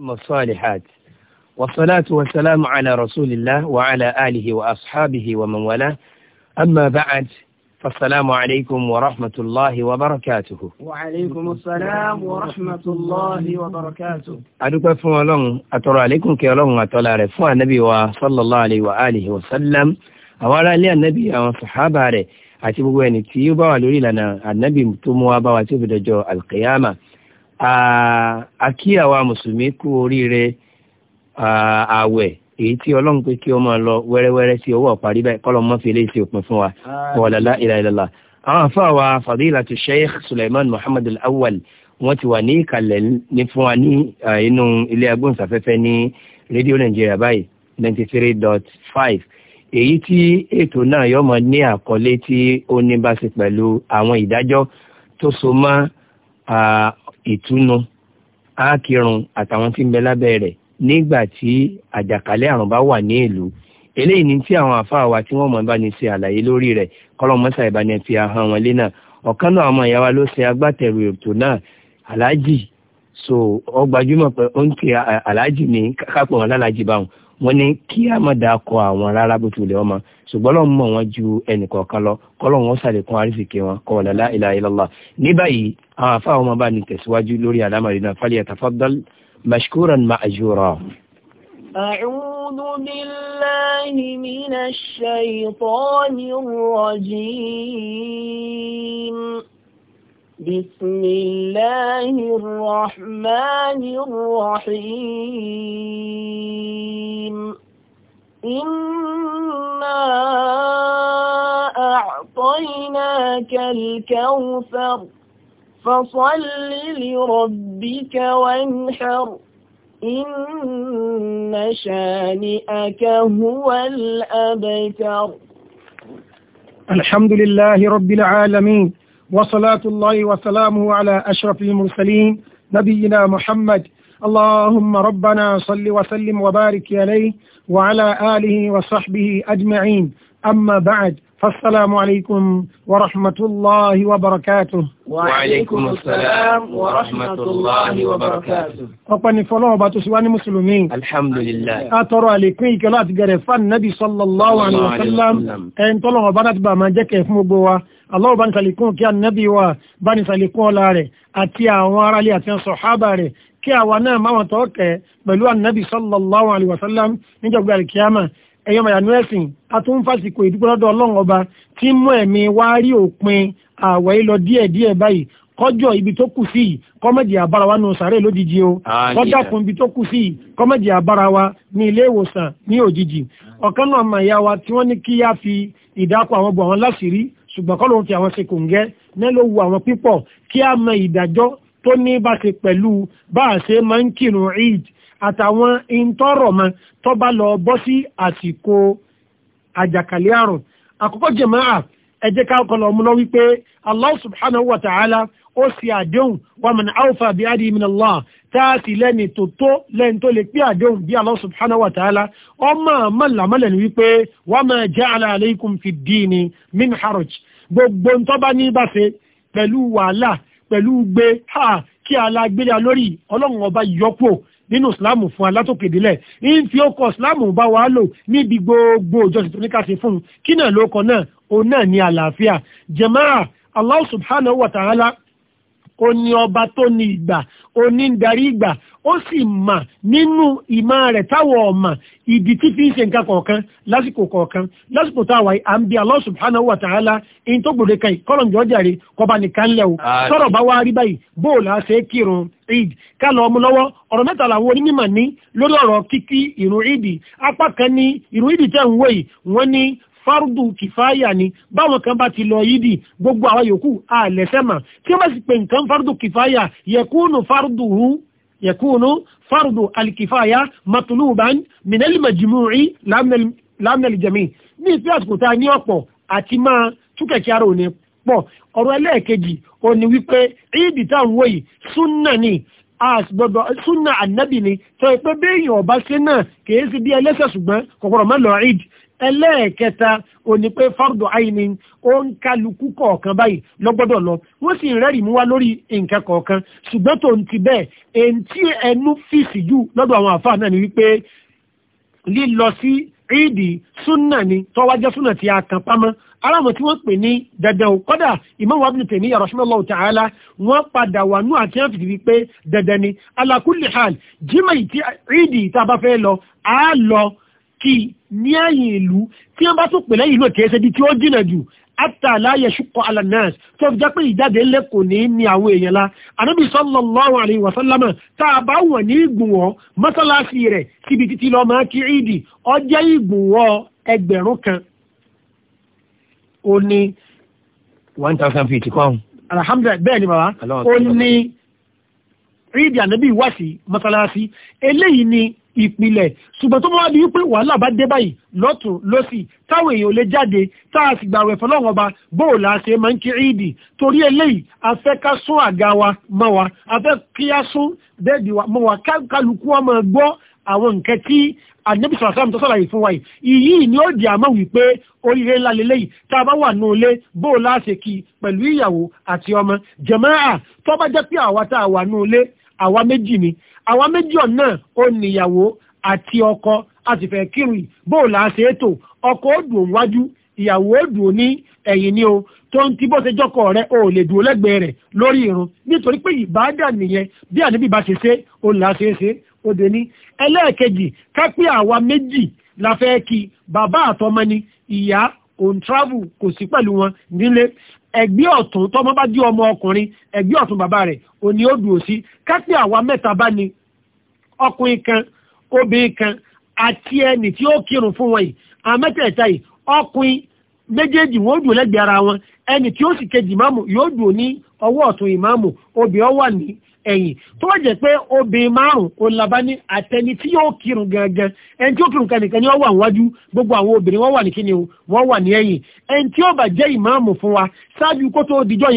والصالحات والصلاة والسلام على رسول الله وعلى آله وأصحابه ومن والاه أما بعد فالسلام عليكم ورحمة الله وبركاته وعليكم السلام ورحمة الله وبركاته أدوك فون لون أترى عليكم كي لون أترى رفوع النبي صلى الله عليه وآله وسلم أولا لي النبي وصحابه عليه أتبقوا أن تيوبا ولولي لنا النبي تموا بواتيب دجو القيامة àkíyàwó mùsùlùmí kú oríire ààwẹ̀ èyí tí ọlọ́run pé kí ó máa lọ wẹ́rẹ́wẹ́rẹ́ sí owó ọ̀parí báyìí kọ́lọ̀ mọ́ fi eléyìí sí òpin fún wa wàlálà ìlàlá àwọn àfáà wa fadilatu sheikh suleiman muhammad al-awwal wọ́n ti wà ní ìkàlẹ̀ ní fún wa ní inú ilé agbóhùnsáfẹ́fẹ́ ní rédíò nàìjíríà báyìí ninety three dot five èyí tí ètò náà yóò máa ní àkọlé tí ó ní bá ṣe pẹ̀lú àwọn ìdájọ́ tó so mọ́ ìtúnu ákírun àtàwọn tí ń bẹ lábẹ́ rẹ̀ nígbà tí àjàkálẹ̀ àrùn bá wà ní ìlú eléyìí tí àwọn àfáà wa tí wọ́n mọ̀ bá ní ṣe àlàyé lórí rẹ̀ kọ́lọ́mọ́sà ìbáni fi wọn lé náà ọ̀kan náà àwọn ló ṣe agbátẹrù so ọ pé ó ń kí aláàjì ní wọn lálàjì báwọn kọ àwọn rárá bó ṣùgbọ́n lọ́n mọ̀ wọn ju ẹnìkọ̀ọ̀kan lọ kọ́lọ́n wọn ṣàlékún àrísìkí wọn kọ́ lọ́lá ilà ilọ́lá ní báyìí àwọn afáwọn ọmọ bá ní tẹ̀síwájú lórí àlámàrí náà fálẹ̀ tafaddal mashkuran ma'ajura. أعوذ بالله من الشيطان الرجيم بسم الله الرحمن الرحيم أعطيناك الكوثر فصل لربك وانحر إن شانئك هو الأبتر الحمد لله رب العالمين وصلاة الله وسلامه على أشرف المرسلين نبينا محمد اللهم ربنا صل وسلم وبارك عليه وعلى آله وصحبه أجمعين أما بعد فالسلام عليكم ورحمة الله وبركاته وعليكم السلام ورحمة الله وبركاته أقني فلوه باتسواني مسلمين الحمد لله أترى لكي كلا تقرفان نبي صلى الله عليه وسلم أن طلعوا بنات بما جك مبوا الله بان سليكون كان نبي وبان سليكون لاري أتيا وارالي أتيا صحابة kí àwa náà máwọn tó kẹ pẹ̀lú anabi sallallahu alaihi wasallam sallam níjọba alikiyama ẹ̀yọ́ mayanu ẹ̀sìn atúnfàsìkò ìdúpọ̀lọ́dọ̀ ọlọ́run ọba tí mú ẹ̀mí wá rí òpin àwẹ̀ lọ díẹ̀díẹ̀ báyìí kọjọ ibi tó kù sí yìí kọmẹdì àbára wa nù sàárè lójijì o kọjá kun ibi tó kù sí yìí kọmẹdì àbára wa ní ilé ìwòsàn ní òjijì ọ̀kan náà mà ya wa tí wọ́n ní kí yá fi ìdáko àwọn bò àwọn láṣìírí ṣùgbọ́n kọ́ fi àwọn ṣe kòǹgẹ́ ní ló wu àwọn pípọ̀ kí á mọ ìdájọ́ tó ní bá ṣe pẹ̀lú bá a ṣe máa ń kírun eid àtàwọn ìntọ́rọ̀ mọ́ tó bá lọ bọ́ sí àsìkò àjàkálẹ̀ àrùn àkọ́kọ́ jẹ̀máà ẹ jẹ́ ká kọlọ̀ ọmọ náà wípé allah subhanahu wa ta'ala ó sì àdéhùn wa man awfa bí adi min allah táàtì lẹ́ni tó tó lẹ́ni tó lè pé àdéhùn bí allah subhanahu wa ta'ala ọmọ mọ̀lámọ́lẹ̀ ni wípé wa ma ja'ala alaykum fi ddini min haraj gbogbo ntọ́ba ní bá ṣe pẹ̀lú wàhálà pẹ̀lú gbé ha kí alágbélé lórí ọlọ́run ọba yọpọ̀ nínú ìsìláàmù fún alátòkèdélẹ̀ ń fi ọkọ̀ ìsìláàmù bá wa lò níbi gbogbo ìjọsìn tó ní ká fún un kí náà lóko náà òun náà ní àlàáfíà jàmáà Allah subhanahu wa ta'ala ó ní ọba tó ní ìgbà ó ní o darí ìgbà ó sì mà nínú ìmọ̀ rẹ̀ táwọn ọ̀mà ìdí tí fi ń ṣe nǹkan kọ̀ọ̀kan lásìkò kọ̀ọ̀kan lásìkò táwa àǹbí Allah subhanahu wa ta'ala in tó gbòde kan kọ́lọ̀ jàre kọba nìkan lẹ̀ o sọ̀rọ̀ bá wá rí báyìí bóòlù àṣẹ kírun eid ká lọ ọmọ lọ́wọ́ ọ̀rọ̀ mẹ́ta làwọn onímọ̀ ní lórí ọ̀rọ̀ kíkí fárúdù kìfáyà ni báwọn kan bá ti lọ yídì gbogbo àwọn yòókù àlẹ́sẹ̀mà tí wọ́n sì pè nǹkan fárúdù kìfáyà yẹkúnù fárúdù hù yẹkúnù fárúdù alìkìfáyà matuluban minel majimuri lamnel jami ní ìpín àsìkò tá a ní ọ̀pọ̀ àti máa túkẹ̀kẹ́ ara òní pọ̀ ọ̀rọ̀ ẹlẹ́ẹ̀kejì òní wípé ìdí táwọn wọ̀nyí súnà ni àṣìgbọ́dọ̀ súnà ànábì ni tọ́ ìpẹ́ bẹ́ẹ̀yàn ọ̀bá sí náà kìí sí bí ẹlẹ́sẹ̀ ṣùgbọ́n kọ̀kọ̀rọ̀ mọ́ lọ ìdí ẹlẹ́ẹ̀kẹta òní pé fardo aini ó ń kálukú kọ̀ọ̀kan báyìí lọ́gbọ́dọ̀ lọ wọ́n sì rẹ́rì mú wá lórí nǹkan kọ̀ọ̀kan ṣùgbọ́n tó ń ti bẹ́ẹ̀ èyí tí ẹnu fìsì jù lọ́dọ̀ àwọn àfáà náà ni wípé lílọ sí ìdí súnà ni tọ́wájẹ́ súnà tí a kàn pamọ́ aláwọ̀ tí wọ́n pè ní dandan o kọ́dà Imam Ibn Taymiyyah rahimahullahu ta'ala wọ́n padà wà nú àti wọ́n fìdí wípé dandan ni ala kulli hal jimá ìdí tá a bá fẹ́ lọ àá lọ kí ní ààyè ìlú tí wọ́n bá tó pè lẹ́yìn ìlú kìí ṣe di tí ó jìnà jù àtà láyé ṣùkọ́ alanas tó fi jápé ìjáde ńlẹ̀ kò ní ní àwọn èèyàn la anábì sallallahu alaihi wasallam tá a bá wọ̀ ní ìgbùnwọ́ mọ́sálásí rẹ̀ síbi títí lọ máa kí ìdì ọjọ́ ìgbùnwọ́ ẹgbẹ̀rún kan ó ní one thousand feet kọ́ alhamdulilayi bẹ́ẹ̀ ni bàbá ó ní ìdì ànábì wá sí mọ́sálásí eléyìí ni ìpìlẹ̀ ṣùgbọ́n tó máa di wípé wàhálà bá dé báyìí lọ́tún lọ́sì táwọn èèyàn lè jáde tá a sì gbàwẹ̀ fọlọ́wọ́n ọba bóò là á ṣe máa ń kí ìdì torí eléyìí a fẹ́ ká sún àga wa mọ́ wa a fẹ́ kí á sún bẹ́ẹ̀dì wa mọ́ wa kálukú wa máa gbọ́ àwọn nǹkan tí ànábì sọ̀rọ̀ sáàmù tó sọ̀rọ̀ fún wa yìí yìí ni ó di àmọ́ wípé oríire ńlá lélẹ́yìí tá a bá wà ní ilé bóò láṣẹ kí pẹ̀lú ìyàwó àti ọmọ jàmáà tó bá jẹ́ pé àwa tá a wà ní ilé àwa méjì ni àwa méjì ọ̀nà ó níyàwó àti ọkọ a sì fẹ́ kírun bóò là á ṣe é tò ọkọ ó dùn wájú ìyàwó ó dùn ní ẹ̀yìn ni o tó ń ti bó ṣe jọkọ rẹ o ò lè dùn lẹ́gbẹ̀ẹ́ rẹ̀ lórí irun nítorí pé ìbáàdà nìyẹn bí àníbì bá ṣe ṣe ó là á ṣe é ṣe ó dé ní. ẹlẹ́ẹ̀kejì ká pé àwa méjì la fẹ́ kí bàbá àtọmọ ni ìyá òun travel kò sí pẹ̀lú wọn nílé ẹ̀gbẹ́ ọ̀tún tọ́mọ bá di ọmọ ọkùnrin ẹ̀gbẹ́ ọ̀tún bàbá rẹ̀ òní ó dùn sí kápẹ́ àwa mẹ́ta bá ní ọkùnrin kan obìnrin kan àti ẹni tí ó kírun fún wọn yìí àmẹ́tẹ̀ẹ̀ta yìí ọkùnrin méjèèjì wọn ó dùn lẹ́gbẹ̀ẹ́ ara wọn ẹni tí ó sì kejì máàmù yóò dùn ní ọwọ́ ọ̀tún ìmáàmù obìnrin ni ẹ̀yìn tó wá jẹ́ pé obìnrin márùn ún olùlàbá ní àtẹni tí yóò kírun gangan ẹni tí ó kírun kanìkan ni wọ́n wà níwájú gbogbo àwọn obìnrin wọ́n wà ní kíni wọ́n wà ní ẹ̀yìn ẹni tí ó bá jẹ́ ìmáàmù fún wa ṣáájú kó tó dijọ́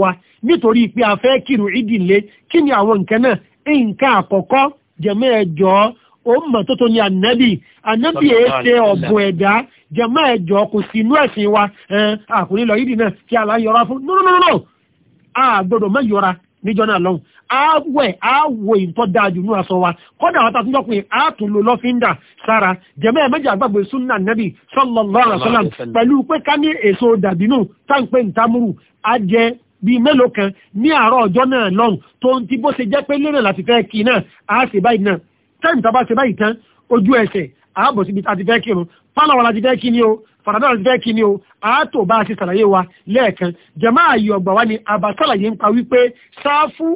wa nítorí pé a fẹ́ kírun kí ni àwọn nǹkan náà nǹkan àkọ́kọ́ tó tó ní ànábì ànábì èé ṣe ẹ̀dá kò sí inú ẹ̀sìn wa àkùnrin náà kí a gbọ́dọ̀ má yọra níjọ́ náà lọ́hùn àwẹ̀ àwò ìtọ́ dájú ní aṣọ wa kọ́dà àwọn tàbí jọpin àtúnlò lọ́fíńdà sára jẹ́mẹ́ ẹ̀mẹ́jì àgbàgbé súnà nẹ́bì sallallahu alaihi wasallam pẹ̀lú pé ká ní èso dàbínú táǹpé ìtàmúrù ajẹ́ bíi mélòó kan ní àárọ̀ ọjọ́ náà lọ́hùn tó ń ti bó ṣe jẹ́ pé lérè láti fẹ́ kí náà á ṣe báyìí náà táìmù tá bá ṣe báyìí tán ojú ẹsẹ̀ ààbò síbi tá fẹ́ kí fàtàdà jẹ́ kí ni o àátò bá a ti sàlàyé wa lẹ́ẹ̀kan jẹ̀má àyè ọgbà wa ni àbá sàlàyé ń pa wípé sáfù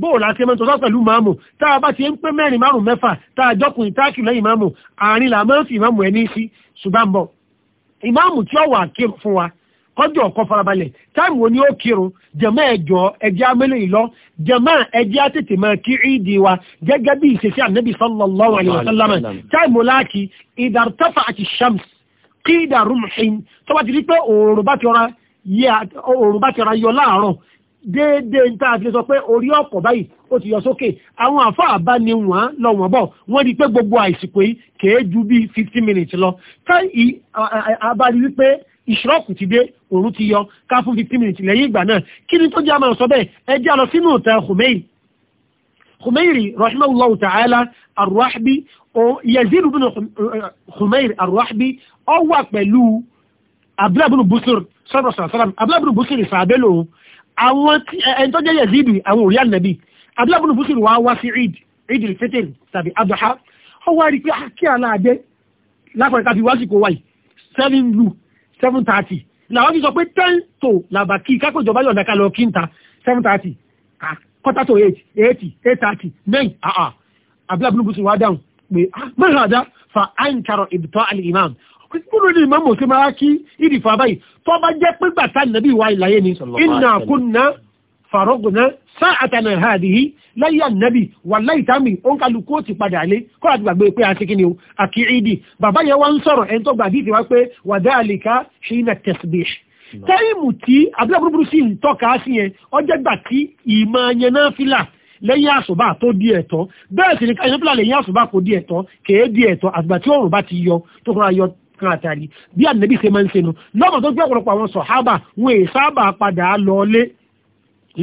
bóòlù àti ẹmọ tọ́sọ́ pẹ̀lú máàmù tá a bá ti ń pé mẹ́rin márùn mẹ́fà tá a jọkùnrin táàkì lẹ́yìn máàmù àárín là máa ń fi máàmù ẹni sí ṣùgbọ́n bọ̀ ìmáàmù tí ó wà kí fún wa kọjọ ọkọ farabalẹ̀ táìmù wo ó kírun jẹmọ ẹjọ ẹjẹ amẹlẹ ìlọ jẹmọ ẹjẹ àtètè máa kí ìdí wa gẹ́gẹ́ bí ìṣesí ànábì sallallahu alaihi wasallam táìmù láàkì ìdàrútàfà àti shams kí ìdàrúmù ṣin tó bá ti rí pé òòrùn bá ti ọ̀rá yọ láàárọ̀ déédéé ń tàà fi sọ pé orí ọ̀pọ̀ báyìí ó ti yọ sókè àwọn àfáà bá ní wọ́n lọ wọ́n bọ̀ wọ́n rí pé gbogbo àìsìkò yìí kèé ju bí fifteen minutes lọ táì abárí wípé ìṣọ́ọ̀kù ti dé òòrùn ti yọ ká fún fifteen minutes lẹ́yìn ìgbà náà kí ni tó jẹ́ àmọ́ sọ bẹ́ẹ̀ ẹ jẹ́ àlọ́ sínú ìtàn Khomeini Khomeini rahimahullahu ta'ala arrahbi Yazid ibn Khumair eh, eh, Ar-Rahbi ọ wà pẹ̀lú Abdullah ibn Busr sallallahu alaihi wasallam Abdullah ibn Busr ìfàbẹ́lò àwọn eh, ẹni tó jẹ́ Yazid àwọn òrí ànàbì Abdullah ibn Busr wà wá sí Eid Eid al-Fitr tàbí Adha ọ wá rí pé ah, kí aláàdé lápẹ̀ẹ́ká fi wásìkò wáyì 7 blue 730 làwọn fi sọ pé ten to làbà kí kákò ìjọba yọ̀ǹda ká lọ kí n ta seven thirty ah, quarter to eight eighty eight thirty nine àà abúlábùnú bùsùn dáhùn pé ah, mẹ́rànjá fa àǹkarọ̀ ìbùtọ́ àlè imam kúrò ní imam ò sí máa kí ìdí fa báyìí tó bá jẹ́ pé gbàtà nàbí wa ìlàyé ni inna kunna faroguna sáàtànà hadihi láyé ànábì wà láì tàmì ó ń kálukú ó ti padà lé kọ́ra ti gbàgbé pé a ti kíni o àkí ìdí bàbá yẹn wá ń sọ̀rọ̀ ẹni tó gbàdí ti wá pé wa dhalika hina tasbih táìmù tí abúlé burúkú sí ń tọ́ka sí yẹn ọjọ́ gbà tí ìmọ̀ yẹn náà fìlà lẹ́yìn àṣùbà tó di ẹ̀tọ́ bẹ́ẹ̀ sì ni káyọ̀ pílà lẹ́yìn àṣùbà kò di ẹ̀tọ́ kèé di ẹ̀tọ́ àgbà tí òòrùn bá ti yọ tó kọ́ra yọ kan àtàrí bí ànàbí ṣe máa ń ṣe nu lọ́mọ̀ tó gbé ọ̀pọ̀lọpọ̀ àwọn sọ̀hábà wọn èè sábà padà lọlé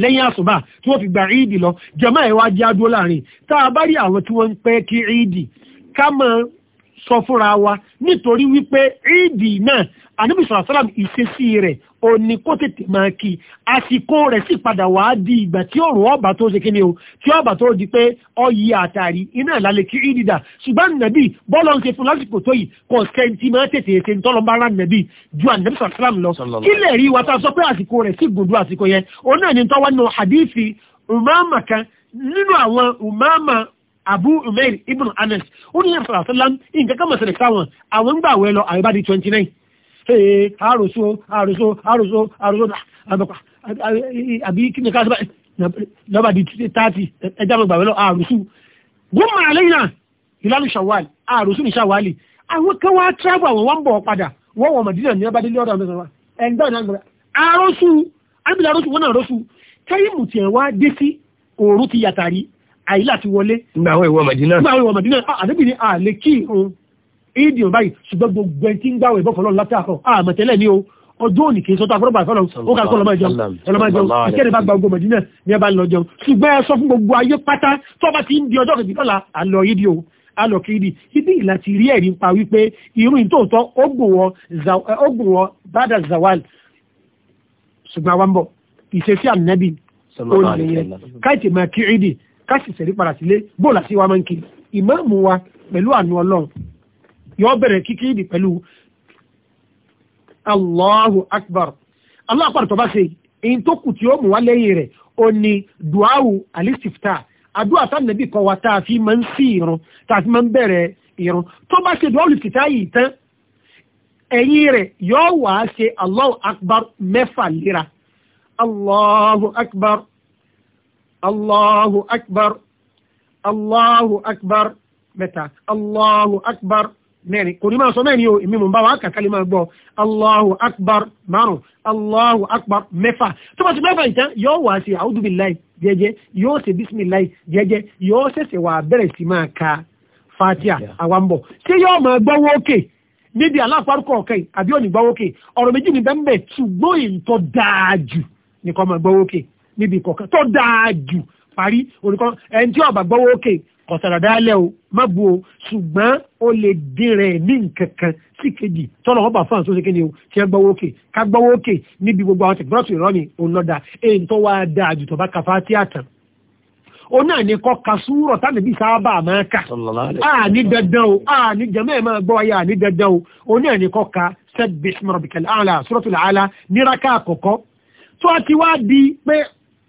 lẹ́yìn àṣùbà tí wọ́n fi gba ìdì lọ jàmáà ẹ̀ wá jẹ́ láàrin tá a bá rí àwọn tí wọ́n ń pẹ́ kí ìdì ká máa sọ fúnra wa nítorí wípé ìdì náà ànábì sọ̀rọ̀ sọ́làm ìṣesí rẹ̀ òní kó tètè máa kí àsìkò rẹ̀ sì padà wá di ìgbà tí òòrùn ọba tó ṣe kíni o tí ọba tó di pé ọyì àtàrí iná ìlàlẹ̀ kí ìdì dà ṣùgbọ́n nàbì bọ́ọ̀lù ń ṣe fún lásìkò tó yìí kò sẹ́ńtì máa tètè ṣe ń tọ́lọ́ bára nàbì ju ànábì sọ̀rọ̀ sọ́làm lọ kí rí wa tá a sọ pé àsìkò rẹ̀ sì hadithi umama kan nínú àwọn umama abu umair ibn anas ó ní àṣà àṣàlám nǹkan kan mọ̀sẹ̀lẹ̀ sáwọn àwọn ń gbà wẹ́ lọ àyíbá di twenty nine ee àròsọ àròsọ àròsọ àròsọ ah, àbí kí ni ká sọ lọ́ba di thirty ẹja mọ̀ gbà wẹ́ lọ àròsọ wọ́n máa lẹ́yìn náà ìlànà ṣàwálì àròsọ ní ṣàwálì àwọn kan wá tíráàbù àwọn wọn bọ̀ padà wọ́n wọ̀ mọ̀dínà ní ọba délé ọ̀dọ̀ àwọn ọmọ ẹ̀ńdọ́ ìnágbọ̀n àròsọ àbílẹ̀ àròsọ wọn náà àròsọ táyìmù tiẹ̀ wá dé sí òòrùn ti yàtàrí àìlà ti wọlé. nígbà àwọn ìwọ màdínà. nígbà àwọn ìwọ màdínà ah, àdébì ni àlè ah, kí n ìdí ọba yìí ṣùgbọ́n gbogbo ẹ ti ń gbàwé bọ́ fọlọ́ látàkọ́ àmọ̀tẹ́lẹ̀ ah, ni o ọjọ́ òní kì í sọ́tọ́ àfọ́lọ́bà fọ́lọ́ ó kà sọ́lọ́mọ jẹun ẹlọ́mọ jẹun ìkẹ́rẹ́ bá gba ogun mọ̀dínà ní ẹ bá lọ jẹun ṣùgbọ́n ẹ sọ fún gbogbo ayé pátá tó bá ti ibi ìlàtí rí ẹ̀rí pa wípé irú ìtòótọ́ ó gùn wọ bada zawal ṣùgbọ́n àwọn bọ̀ ìṣesí ànábì ó nìyẹn káìtì máa kí ìdí káṣì sẹ̀rí padà sílé bóòlà sí wa máa ń kiri ìmáàmù wa pẹ̀lú àánú ọlọ́run yọ bẹ̀rẹ̀ kíkí ìdì pẹ̀lú Allahu akbar Allahu akbar tó bá ṣe èyí tó kù tí ó mú wá lẹ́yìn rẹ̀ ó ní duawu alistifta àdúrà tá nàbí kan wa tá a fi máa ń sí ìrun tá a fi máa ń bẹ̀rẹ̀ ìrun tó bá ṣe duawu alistifta yìí tán ẹ̀yìn rẹ̀ yọ wá ṣe Allahu akbar mẹ́fà léra Allahu akbar Allahu akbar Allahu akbar mẹ́ta Allahu akbar mẹ́rin kò ní máa sọ mẹ́rin o èmi mò ń bá wa kàkálí máa gbọ́ Allahu akbar márùn Allahu akbar mẹ́fà tó bá ti mẹ́fà ìtàn yóò wá sí a'udhu billahi jẹ́jẹ́ yóò ṣe bísímìláì jẹ́jẹ́ yóò ṣẹ̀ṣẹ̀ wà bẹ̀rẹ̀ sí máa ka fatia àwambọ̀ ṣé yóò máa gbọ́wọ́ òkè níbi aláfárúkọ ọ̀kẹ́ àbí òní gbọ́wọ́ òkè ọ̀rọ̀ méjì ní bẹ́ẹ̀ ṣùgbọ́n ìtọ́ dáa jù nìkan máa gbọ́wọ́ òkè níbi kọ̀ọ̀kan tó dáa jù parí olùkọ́ ẹni tí ọ̀bà gbọ́wọ́ òkè kọ̀sàràdálẹ̀ o má bu o ṣùgbọ́n o lè dín rẹ̀ ní nkankan sí kejì tọ́lọ̀ ọba fún àtúnṣe kéde o tí ẹ gbọ́wọ́ òkè ká gbọ́wọ́ òkè níbi gbogbo àwọn tẹ̀gbọ́tì ìrọ́mi òun lọ́dà èyí tó wá dáa jù tó bá ka Fátíhà tán o náà ní kọ́ ka súrọ̀ tánàbí sábà máa kà á dandan o á jẹ́mọ́ ẹ̀ máa gbọ́ ayé á dandan o o náà ní kọ́ ka sabbih isma rabbikal a'la suratul a'la níraka àkọ́kọ́ tó a ti wá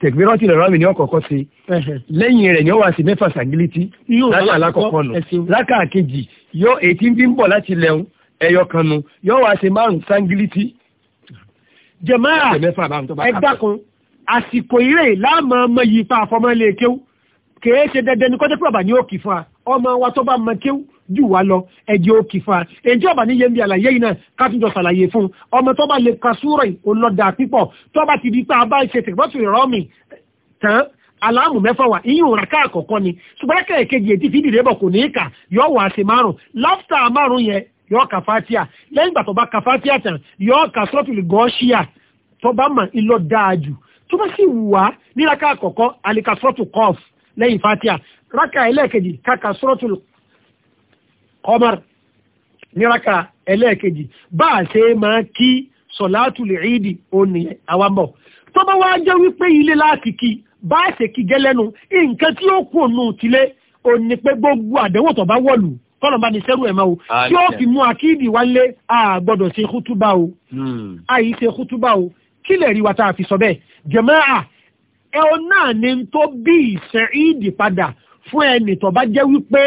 tẹ̀gbẹ́rọ́tì lọ́rọ́ mi ni wọ́n kọ́kọ́ ṣe lẹ́yìn rẹ̀ ni wọ́n wá sí mẹ́fà sàgílítì lákà alákọ̀ọ́kọ́ nù lákà kejì yọ ètí ń bí ń bọ̀ láti lẹ́hún ẹ̀yọ kan nù yọ wá sí márùn sàgílítì. jẹ̀máà ẹ̀dákun àsìkò ìrè láàmú ọmọ yìí pa àfọmọ́lé kéw kèé ṣe dandan ní kọ́tẹ́pọ̀ bàbá ní òkì fún wa ọmọ wa tó bá mọ kéwù jù wá lọ ẹjẹ ó kìfà èjì ọba níye ń bí àlàyé yìí náà kátúnjọ ṣàlàyé fún ọmọ tó bá lè ka súrọ̀ ìkólọ́dà pípọ̀ tó bá ti di pé abá ṣe tẹ̀gbọ́sì rọ́ọ̀mì tán aláàmù mẹ́fà wà ìyún ràkà àkọ́kọ́ ni ṣùgbọ́n kẹ́ẹ̀kejì ètí fídì rẹ̀ bọ̀ kò ní kà yọ wà sí márùn láftà márùn yẹn yọ kà fátíà lẹ́yìn ìgbà tó bá kà fátíà tán yọ kà sọ́tùlù gọ́ṣíà tó bá mà ń lọ dáa jù tó bá sì wà ní ràkà àkọ́kọ́ àlìkà sọ́tù kọ́ọ̀f lẹ́yìn fátíà Raka ẹlẹ́ẹ̀kejì kaka suratul Qamar ní raka ẹlẹ́ẹ̀kejì bá a ṣe máa kí sọ̀látùlì ìdì òní àwàmọ̀ tó bá wá jẹ́ wípé ilé láàkìkì bá a ṣe kí gẹ́lẹ́nu nǹkan tí ó kù ònú tilé òní pé gbogbo àdéhùn tó bá wọ̀lù kọ́nà bá ní sẹ́rù ẹ̀mọ́ o tí ó fi mú akíìdì wálé a gbọ́dọ̀ ṣe kútúbà o àyí hmm. ṣe kútúbà o kí lè rí wa tá a fi sọ bẹ́ẹ̀ jẹ̀mọ́ à ẹ̀ ọ náà ni tó bí ìṣẹ́ ìdì padà fún ẹnì tó bá jẹ́ wípé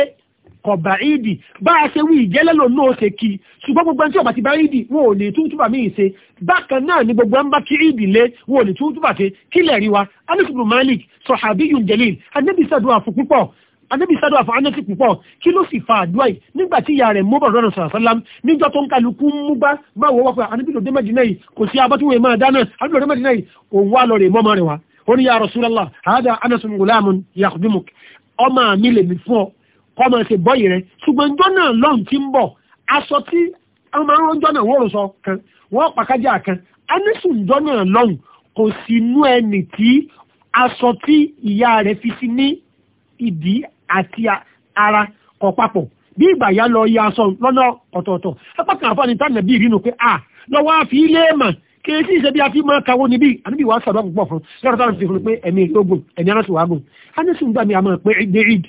kọ̀bà ìdì bá a ṣe wí ìjẹ́lẹ́lò náà ṣe kí ṣùgbọ́n gbogbo ẹni tí ọ̀bà ti bá ìdì wọn ò ní túntúbà míì ṣe bákan náà ni gbogbo ẹni bá kí ìdì lé wọn ò ní túntúbà ṣe kí lè rí wa anisibu malik sọ̀hábí yunjelil anabi sàdúrà fún púpọ̀ anabi sàdúrà fún anisi púpọ̀ kí ló sì fa àdúrà yìí nígbà tí ìyá rẹ̀ mọ́bọ̀ rọrùn sàrásálám níjọ́ tó ń kálukú mú bá wọ́pẹ́ anabi lòdì mẹ́dínà yìí kò sí abọ́túwé máa dáná anabi lòdì mẹ́dínà yìí òun wá lọ rè mọ́mọ́ rẹ̀ wá ó ní ya rasulallah hada anasun gulamun yakhdimuk ọmọ mi lèmi fún ọ kọ́mọ ṣe bọ́yì rẹ ṣùgbọ́n jọ́ náà lọ́n ti ń bọ̀ aṣọ tí wọ́n máa ń rọ́jọ́ náà wọ́n rò sọ kan wọ́n pàkájà kan anísùn jọ́ náà lọ́n kò sí inú ẹnì tí aṣọ tí ìyá rẹ̀ fi sí ní ìdí àti ara kọ̀ papọ̀ bí ìgbà yá lọ yẹ aṣọ lọ́nà ọ̀tọ̀ọ̀tọ̀ ẹ̀pọ̀ kan àfọ̀ ní tànàbí ìrìnnà pé à lọ́wọ́ àfi ilé mọ̀ kí ní ìṣẹ́bí àti máa kawó níbí àníbí wàá sàdọ́ púpọ̀ fún lọ́rọ̀ táwọn ti fún pé ẹ̀mí ìlógún ẹ̀mí aránsì wàá gùn a ní sùn gbà mí àmọ́ pé dé id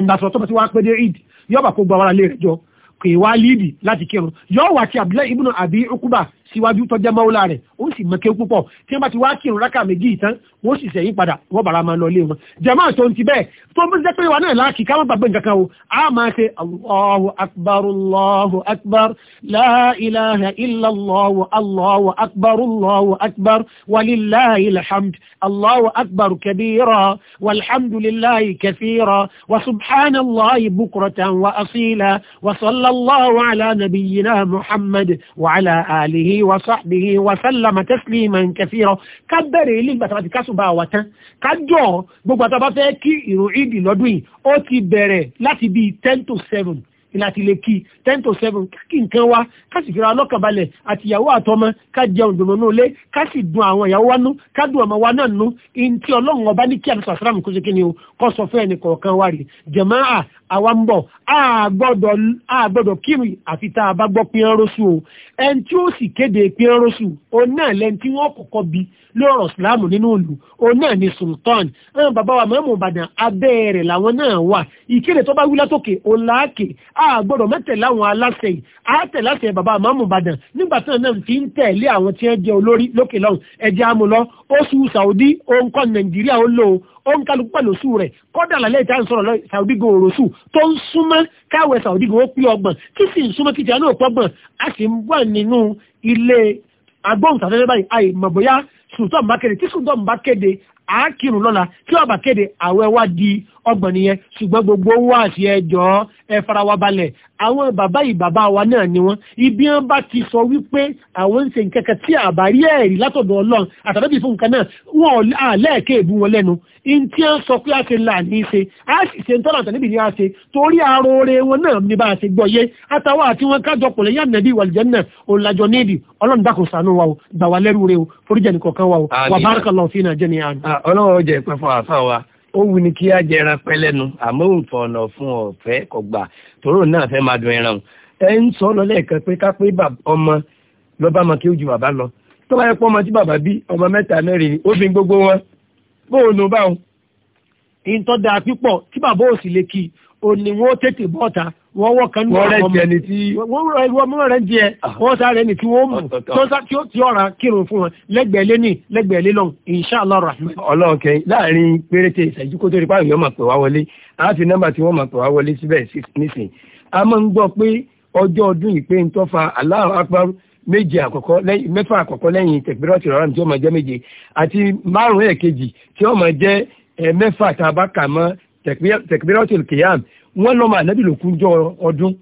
ìgbàsọ̀ tó bá ti wá pé dé id yọba kó gba wàrà lé rẹ̀ jọ kì wá líìdì láti kírun yóò wà tí Abdullahi ibùnà àbí Ukuba síwájú tọ́jà máwúlà rẹ̀ ó sì mọ̀kẹ́ púpọ̀ tí wọ́n bá ti wá kírun rákà méjì tán wọ́n sì sẹ̀yìn padà wọ́n bàrà máa lọ ilé wọn jàmáà tó ń ti bẹ́ẹ̀ tó ń jẹ́ pé wà náà láàkì ká wọ́n gbàgbé nǹkan kan o a máa ṣe allahu akbar allahu akbar la ilaha illa allahu allahu akbar allahu akbar walillahi alhamd allahu akbar kabira walhamdulillahi kathira wa subhanallahi bukratan wa asila wa sallallahu ala nabiyyina muhammad wa ala alihi wa sahbihi wa sallama tasliman kathira kabbere ilé ìgbàtàbàtì ká àsùnbà wa tán kájọ gbogbo àtàwọn bá fẹ́ kí ìrò ìdì lọ́dún yìí ó ti bẹ̀rẹ̀ láti bíi ten to seven láti lè kí ten to seven kí nǹkan wá ká sì fira ọlọ́kànbalẹ̀ àti ìyàwó àtọmọ ká jẹun dùnmọ́ náà lé ká sì dun àwọn ìyàwó wa nú ká dun ọmọ wa náà nú ntí ọlọ́run ọba ní kí àtúntò àsàlámù kó ṣe kí ni o kọ́ sọ fún ẹnì kọ̀ọ̀kan wa rè jàmáà àwa ń bọ̀ á gbọ́dọ̀ kírun àfi tá a bá gbọ́ pín ẹrọ́sù o ẹni tí ó sì kéde pín ẹrọ́sù o náà lẹni tí wọ́n kọ́kọ́ bi lọ́rọ̀ sùlámù nínú ìlú o náà ni sultan àwọn bàbá wa mọ̀ọ́mù ìbàdàn abẹ́ rẹ̀ làwọn náà wà ìkéde tó bá wí látòkè òun àgbọ̀dọ̀ mẹ́tẹ̀lá àwọn aláṣẹ yìí àátẹ̀láṣẹ bàbá àmàmù ìbàdàn nígbà tí náà fi ń tẹ̀lé àwọn tí wọ́n jẹ́ olórí lókè lọ́hùn ẹ̀jẹ̀ amúlọ oṣù saudi òǹkọ nàìjíríà ó lò ó ń kálukú pẹ̀lú oṣù rẹ̀ kọ́dà lálẹ́ ìta ń sọ̀rọ̀ lọ saudi go òrosù tó ń súnmọ́ káwẹ̀ saudi go ó pé ọgbọ̀n kí sì ń súnmọ́ kìtìyà náà pọ́gbọ̀n a sì ń wà nínú ilé agbóhùnsáfẹ́fẹ́ báyìí àì mọ̀bọ̀yá sùtọ́ mbákéde tí sùtọ́ mbákéde àákìrù lọ́la tí ọba kéde àwẹ̀ wá di ọgbọ̀n nìyẹn ṣùgbọ́n gbogbo owó àti ẹjọ́ ẹ fara wa balẹ̀ àwọn bàbá yìí bàbá wa náà ni wọ́n ibi wọn bá ti sọ wípé àwọn ń ṣe nkẹ́kẹ́ tí àbárí ẹ̀rí látọ̀dọ̀ ọlọ́run àtàbẹ́bí fún nǹkan náà wọn ò lẹ́ẹ̀kẹ́ ìbú wọn lẹ́nu in tí wọ́n sọ pé a ṣe là ní í ṣe a sì ṣe ń tọ́lá ni a ṣe torí aroore wọn náà ní bá a ṣe gbọ́ yé àtàwọn àti wọn kájọ pọ̀ lẹ́yìn ànàbí ìwàlìjẹ́ náà òǹlàjọ níìdì ọlọ́run dákun ṣàánú wa o gbà wá lẹ́rù rẹ o foríjì ẹnìkọ̀ọ̀kan wa o wà bárakà lọ́ọ̀ ọlọ́run jẹ́ ìpẹ́ fún àfa wa ó wù ní kí á jẹ ẹran pẹ́ lẹ́nu àmọ́ òǹfọ̀ ọ̀nà fún ọ̀fẹ́ kọ̀gbà tòró náà fẹ́ máa dun ẹran ẹ ń sọ lọ lẹ́ẹ̀kan pé ká pé ọmọ lọ bá ọmọ kí ó ju bàbá lọ tó bá yẹ pé ọmọ tí bàbá bí ọmọ mẹ́ta mẹ́rin ó fi gbogbo wọn bóun ló bá wọn. ìtọ́jà pípọ̀ tí bàbá ò sì le kí òní wọn ó tètè bọ́ta wọ́n wọ́ kan ní ọmọ wọ́n rẹ̀ ń jẹ ah. wọ́n sáré ní kí wọ́n mú tí ó ti ọ̀rà kírun fún wọn lẹ́gbẹ̀ẹ́ lé ní lẹ́gbẹ̀ẹ́ lé lọ́hùn inṣàlá rahman. ọlọ́ọ̀kẹ́ láàrin péréte ìṣẹ́jú kó tó rí páàyàn yóò máa pè wá wọlé a fi nọ́mbà tí wọ́n máa pè wá wọlé síbẹ̀ nísìn a máa ń gbọ́ pé ọjọ́ ọdún ìpè ń tọ́fà Allahu akbar méje àkọ́kọ́ lẹ́yìn mẹ́fà àkọ́kọ́ lẹ́yìn tẹ̀pẹ́rọ́tì rárá tí ó máa jẹ́ méje àti márùn-ún ẹ̀kejì tí ó máa jẹ́ eh, mẹ́fà tá a bá kà mọ́ tẹ̀pẹ́rọ́tì kìyàm wọ́n lọ́mọ ànábì lòkun jọ ọdún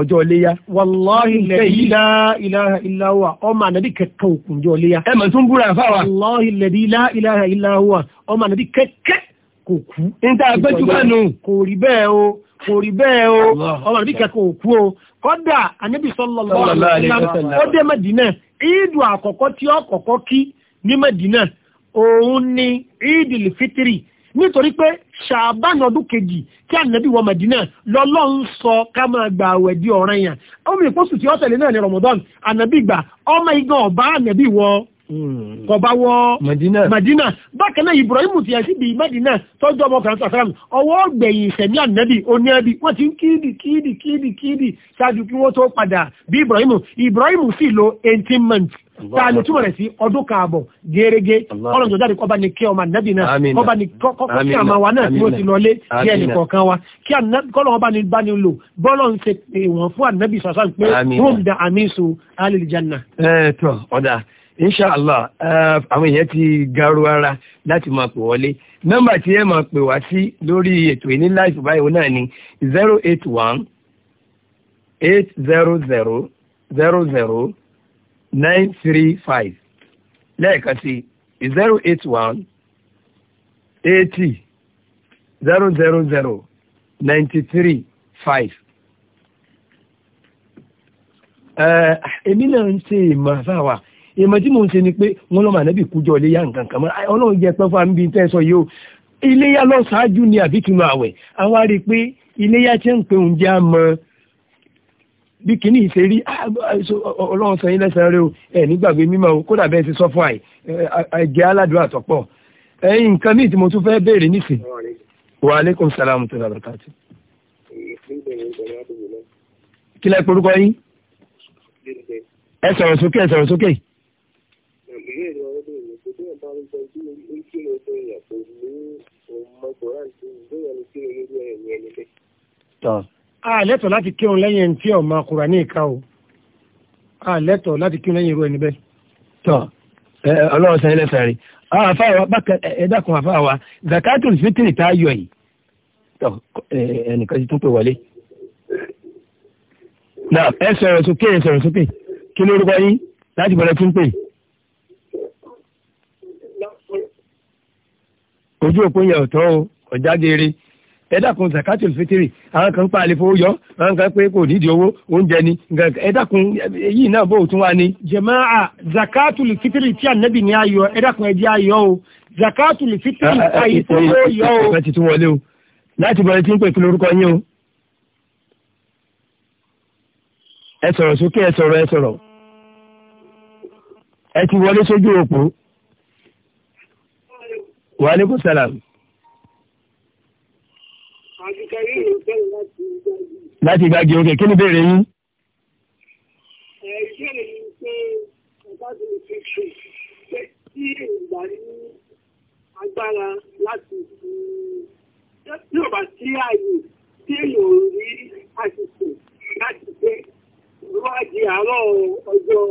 ọjọ́ iléyà. wàláhì lẹ́dí la ilaha illa huwa ọmọ ànábì kẹkẹ òkun jọ iléyà. ẹ mọ̀ tún búra fáwa. wàláhì lẹ́dí la ilaha illa huwa ọmọ ànábì kẹkẹ kò kú. n ta fẹ́jú kánú. kò rí bẹ́ẹ̀ o kò rí bẹ́ẹ̀ o ọmọ ànábì kẹkẹ ò o kọ́dà ànábì sallallahu alaihi wasallam dé Mẹ́dínà ìdù àkọ́kọ́ tí ó kọ́kọ́ kí ní Mẹ́dínà òun ni ìdìlì fitiri nítorí pé ṣàbán ọdún kejì tí ànábì wọ mẹ̀dínà lọ́lọ́run sọ ká máa gba àwẹ̀ di ọ̀ranyàn ọmọ ìpọ́sù tí ó tẹ̀lé náà ní Ramadan ànábì gbà ọmọ igan ọ̀bá ànábì wọ Hmm. kọba wọ Madina bákan náà Ibrahim ti ẹ̀sí bí Madina tọ́jú ọmọkùnrin sàkàrà ọwọ́ gbẹ̀yìn ìṣẹ̀mí ànẹ́bì oní ẹbí wọ́n ti ń kíìdì kíìdì kíìdì kíìdì ṣáájú kí wọ́n tó padà bí Ibrahim Ibrahim sì lo 18 months tààlù túmọ̀ rẹ̀ sí ọdún kààbọ̀ gẹ́gẹ́ ọ̀nà tó jáde kọba ní kí ọmọ ànábì náà kọba ní kí àmà wa náà tí ó ti lọlé kí ẹnì kọ̀ọ̀kan wa kí kọ́lọ̀ ọba ní bá ní lò bọ́lọ̀ ń ṣe ìwọ̀n fún ànábì sàṣà pé wọ́n ń da àmì sùn alìlìjánà. ẹ tọ ọ̀dà inshallah àwọn èèyàn ti garu ara láti máa pè wọlé nọ́mbà tí ẹ máa pè wá sí lórí ètò ìní láìpẹ́ báyìí náà ni zero eight one eight zero zero zero zero nine three five lẹ́ẹ̀kan sí zero eight one eighty zero zero zero ninety three five èmi náà ń ṣe ìmọ̀ fáwa ìmọ̀ tí mò ń ṣe ni pé wọ́n lọ́mọ ànábì kújọ iléyà nǹkan kan mọ́ ọlọ́run jẹ́ pẹ́ fún àmì bíi tẹ́ sọ yìí o iléyà lọ ṣáájú ni àbí kinu àwẹ̀ àwa rí i pé iléyà tí ń pe oúnjẹ àmọ́ bí kìíní ìṣe rí ọlọ́run sọ yín lẹ́sẹ̀ rẹ o ẹ̀ nígbàgbé mímọ́ o kódà bẹ́ẹ̀ ti sọ fún àì ẹ̀jẹ̀ aládùúrà tọ́pọ̀ ẹ̀yìn nǹkan míì tí mo tún fẹ́ béèrè nísìn wa aleykum salaam tó dábàá káàtì. ẹ sọ̀rọ̀ sókè ẹ sọ̀rọ̀ sókè nǹkan tí ó kí ló fẹ́ yàn kò ní ọmọ koran tó bóyá ní kí ló lé ẹ̀yìn ẹni bẹ́ẹ̀. tọ́ a lẹ́tọ̀ọ́ láti kírun lẹ́yìn ẹni tí ọmọ koran ní ìka o a lẹ́tọ̀ọ́ láti kírun lẹ́yìn irú ẹni bẹ́ẹ̀. tọ́ ọlọ́run sẹ́yìn lẹ́sẹ̀ rí àfáà bákan ẹ̀dá kan àfáà zakatul fitiri tá a yọ yìí tọ́ ẹnìkan ti tún pè wọlé. náà ẹ sọ̀rọ̀ sókè ẹ sọ̀rọ̀ sókè kí lórúkọ yín láti bọ̀rẹ̀ tún pè yìí. ojú òpó yẹn ọ̀tọ́ o ọ̀já geere ẹ dákun zakatul fitiri àwọn kan pa àlefo yọ àwọn kan pé kò nídìí owó oúnjẹ ni ẹ dákun èyí náà bó tún wá ni. jẹ̀máà zakatul fitiri tí ànábì ní ayọ̀ ẹ dákun ẹ jẹ́ ayọ̀ o zakatul fitiri ayé tó ah, ah, ah, yọ o. ẹ ti ń pè kí lórúkọ yín o. ẹ sọ̀rọ̀ sókè ẹ sọ̀rọ̀ ẹ sọ̀rọ̀ ẹ ti wọlé sójú òpó. Wa alaikum salam. Láti ìgbàgbé òkè, kí ni béèrè yín? Ìbéèrè yìí pé ọba ti fi ṣe pé tí ìgbà ní sí ààyè tí èèyàn ò rí àṣìṣe láti pé ìwádìí àárọ̀ ọjọ́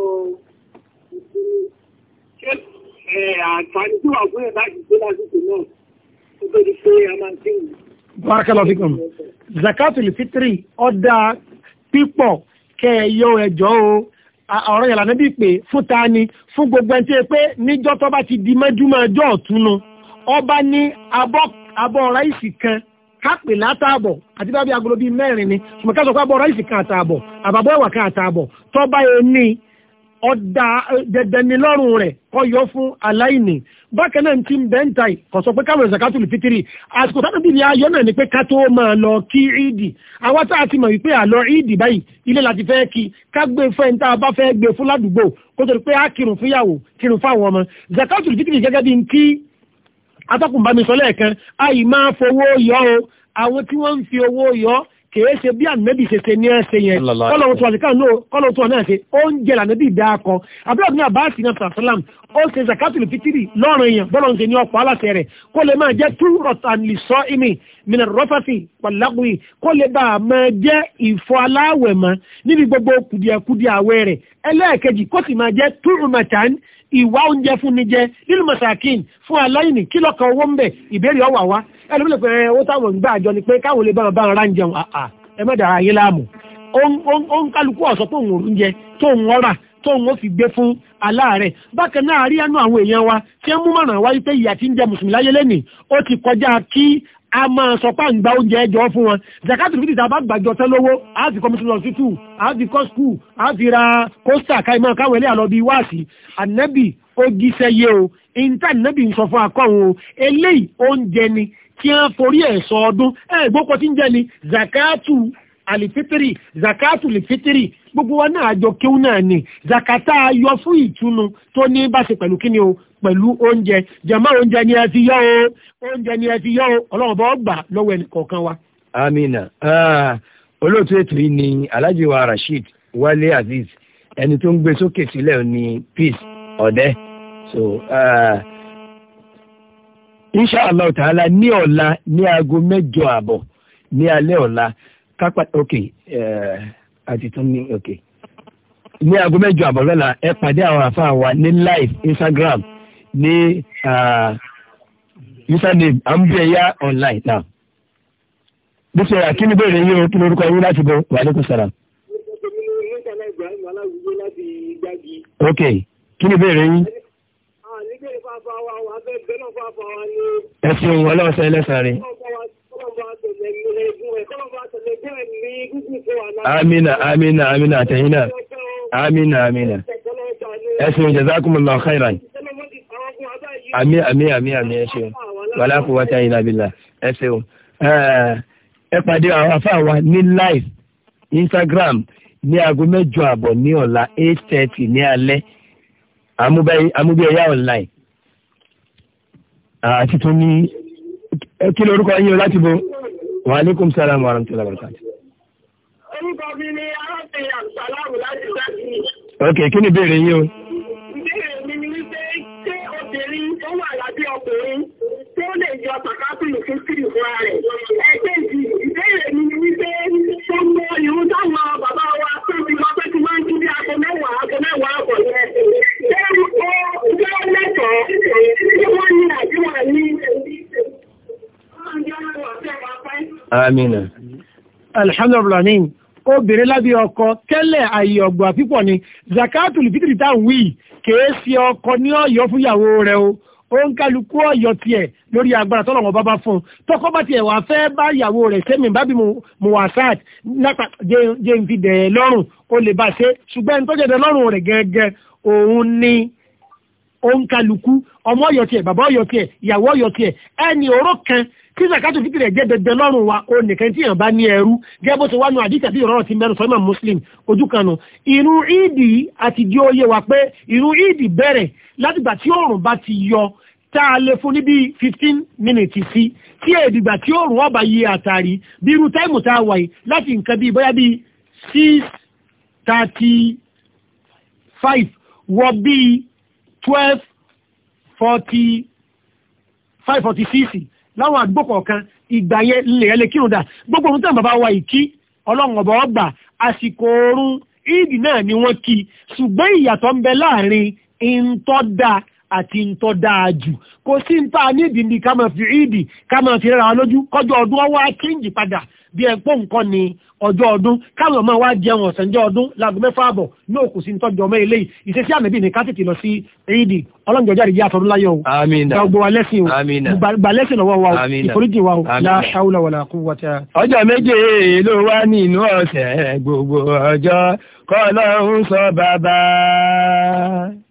ìsinmi àǹfààní tó wà fún ẹ̀ láti gbé lásìkò náà tó tó di a máa ń kí wọn. barakallahu fikum zakatul fitri ọ̀dà pípọ̀ kẹ́ ẹ yọ ẹjọ́ o ọ̀rọ̀ yàrá níbi pé fún ta ni fún gbogbo ẹni tí ẹ pé níjọ́ tó bá ti di mọ́júmọ́ ọjọ́ ọ̀túnú ọba ní abọ́ ráìsì kan kápè látàbọ̀ àti bábí agolo bíi mẹ́rin ni ṣùgbọ́n ká sọ pé abọ́ ráìsì kan àtàbọ̀ àbàbọ̀ ẹ̀wà kan àtàbọ̀ tọ́ba ẹni ọ̀dà eh, dẹ̀dẹ̀ni lọ́rùn rẹ̀ kọ́ yọ fún aláìní bákan náà ti ń bẹ́ ń ta kò sọ pé káwọn zakatul fitiri àsìkò tátà bíbí ayọ́ náà ni pé ká tó máa lọ kí ìdì àwa tá a ti mọ̀ wípé àlọ́ ìdì báyìí ilé láti fẹ́ kí ká gbé fẹ́ ń tá a bá fẹ́ gbé fún ládùúgbò kó tó di pé á kírun fúyàwó kírun fáwọn ọmọ zakatul fitiri gẹ́gẹ́ bí n kí atọ́kùnbámisọ lẹ́ẹ̀kan àyì máa fowó yọ o àwọn tí wọ́n ń fi owó yọ kìí ṣe bí ànẹ́bì ṣe ṣe ní ẹ̀ṣẹ̀ yẹn kọ́lọ̀wọ́ tó wà sí káà náà kọ́lọ̀wọ́ tó wà náà ṣe ó ń jẹ lànẹ́bì dáakọ abúlé ọdún àbá sí náà sàlám ó ṣe zakatul fitiri lọ́rùn èèyàn bọ́lọ̀ ń ṣe ní ọ̀pọ̀ aláṣẹ rẹ̀ kó lè máa jẹ́ tú rọ̀tàlì sọ ìmì mìíràn rọ́fàfì pàlágùn kó lè bá a máa jẹ́ ìfọ̀ aláwẹ̀ mọ́ níbi gbogbo kùdìẹ̀kudì àwẹ̀ rẹ̀ ẹlẹ́ẹ̀kejì kó sì máa jẹ́ e lè pẹ́ táwọn ń àjọ ni pé káwọn lè bá wọn bá wọn ránjẹun àà ẹ má dàra yín ọsọ ó ń kálukú ọ̀sọ́ tó ń oúnjẹ tó ń fi gbé fún aláàárẹ̀ bákan náà rí ẹnu àwọn èèyàn wa tí ń mú mọ̀ràn wáyé pé ìyà tí ń ti kọjá kí a máa sọ pé à ń gba oúnjẹ ẹjọ́ fún wọn zakatul fitr a bá gbàjọ tán lówó a ti kọ́ mùsùlùmí a ti kọ́ skul a ti ra kóstà káìmọ́ káwọn o ń sọ fún ni tí a forí ẹ̀sọ ọdún ẹgbọ́pọ̀ tí ń jẹ́ ni zakatu alifitiri zakatu alifitiri gbogbo wa náà àjọ kéwú náà ni zakata yọ fún ìtùnú tó ní bá ṣe pẹ̀lú kíni o pẹ̀lú oúnjẹ jẹ̀mọ́ oúnjẹ ni ẹ ti yọ o oúnjẹ ni ẹ ti yọ o ọlọ́run bọ́ gbà lọ́wọ́ ẹnì kọ̀ọ̀kan wa. amina ah, olóòtú ètò yìí ni alhaji wa rasheed wálé azeez ẹni tó ń gbé sókè sílẹ̀ ní peace ọ̀dẹ́ so. Uh, insha allah ta'ala ní ọ̀la ní aago mẹ́jọ àbọ̀ ní alẹ́ ọ̀la kápá ok eh, àti tún ní ok ní aago mẹ́jọ àbọ̀ lọ́la ẹ pàdé àwọn àfáà wa ní live instagram ní ah, username ambeya online now bísí ọ̀rọ̀ kí ni bẹ́ẹ̀ rẹ̀ yín o kí lórúkọ yín láti bọ̀ wa alaikum salam. ok kí ni bẹ́ẹ̀ rẹ̀ yín wa àwọn abẹ́gbẹ́ náà fún àfọwọ́ ni. ẹ fi òun ọlọ́run sọ ẹlẹ́sàn rẹ̀. amina amina amina àtẹ̀yìn náà amina amina ẹ ṣeun jazakumullahu khairan àmì àmì àmì àmì ẹ ṣeun wala quwwata illa billah ẹ ṣeun ẹ pàdé àwọn afáwa ní live Instagram ní aago mẹ́jọ àbọ̀ ní ọ̀la eight thirty ní alẹ́ amúbẹ́yà online àti tó ní kí lórúkọ yín láti bo wa alaikum salam wa rahmatullahi wa barakatuh. orúkọ mi ni arábìnrin àbùsàlámù láti láti. ok kí ni ìbéèrè yín o. ìbéèrè mi ni wípé ṣé obìnrin tó wà lábẹ́ ọkùnrin tó lè yọ pàkápìlì fún kìrì rẹ̀ amina. alhamdulilayi obìnrin lábẹ́ ọkọ tẹ́lẹ̀ ayé ọgbà pípọ̀ ni zakatul fitri tá wí kèé sí ọkọ ní ọ̀yọ́ fúnyàwó rẹ o ó ń kálukú ọ̀yọ́ tiẹ̀ lórí agbára tọ́lọ̀ wọn bábá fún un tọkọ bá tiẹ̀ wàá fẹ́ bá ìyàwó rẹ̀ sẹ́mi bábí muwasat nípa jẹ́ ń fi dẹ̀ẹ́ lọ́rùn ó lè bá ṣe ṣùgbọ́n ẹni tó jẹ́ dẹ̀ lọ́rùn rẹ̀ gẹ́gẹ́ òun ni ó ń kálukú ọmọ ọ̀yọ́ tiẹ̀ bàbá ọ̀yọ́ tiẹ̀ ìyàwó ọ̀yọ́ tiẹ̀ ẹni òró kan kí zakato fitiri jẹ́ dẹ̀dẹ̀ lọ́rùn wa o nìkan tí yàn bá ní ẹrú gẹ́gẹ́ bó ti wá nu àdìsẹ́ bí ìrọ̀rọ̀ ti mẹ́rin sọ́mà muslim ojú kanu inú ìdì àti di oyé wa pé inú ìdì bẹ̀rẹ̀ látìgbà tí oòrùn bá ti yọ tá a lè fún ní bí fifteen minutes sí tí èdìgbà tí oòrùn ọba yí àtàrí bí irú táìmù tá a wà yìí láti nǹkan bí bóyá bí six thirty five wọ bí twelve forty five forty six láwọn àdúgbò kọ̀ọ̀kan ìgbà yẹn lè ẹlẹ́ kírun dà gbogbo ohun tí àwọn bàbá wa yìí kí ọlọ́run ọ̀bọ̀ ọgbà àsìkò oorun ìdì náà ni wọ́n kí ṣùgbọ́n ìyàtọ̀ ń bẹ láàrin ìǹtọ́dà àti ìǹtọ́dà jù kò sí ń ta nídìí ní ká máa fi ìdì ká máa fi rẹ́ra lójú kọjọ́ ọdún ọwọ́ akíǹjì padà bí ẹ pọ́ nǹkan ní ọjọ́ ọdún káwọn ọmọ wa jẹun ọ̀sẹ̀njẹ́ ọdún láago mẹ́fà àbọ̀ ní òkú sí tọ́jú ọmọ ilé yìí ìṣesí ní kátìtì lọ sí éèdì ọlọ́njọ́ jáde àtọ́dún láyọ̀ o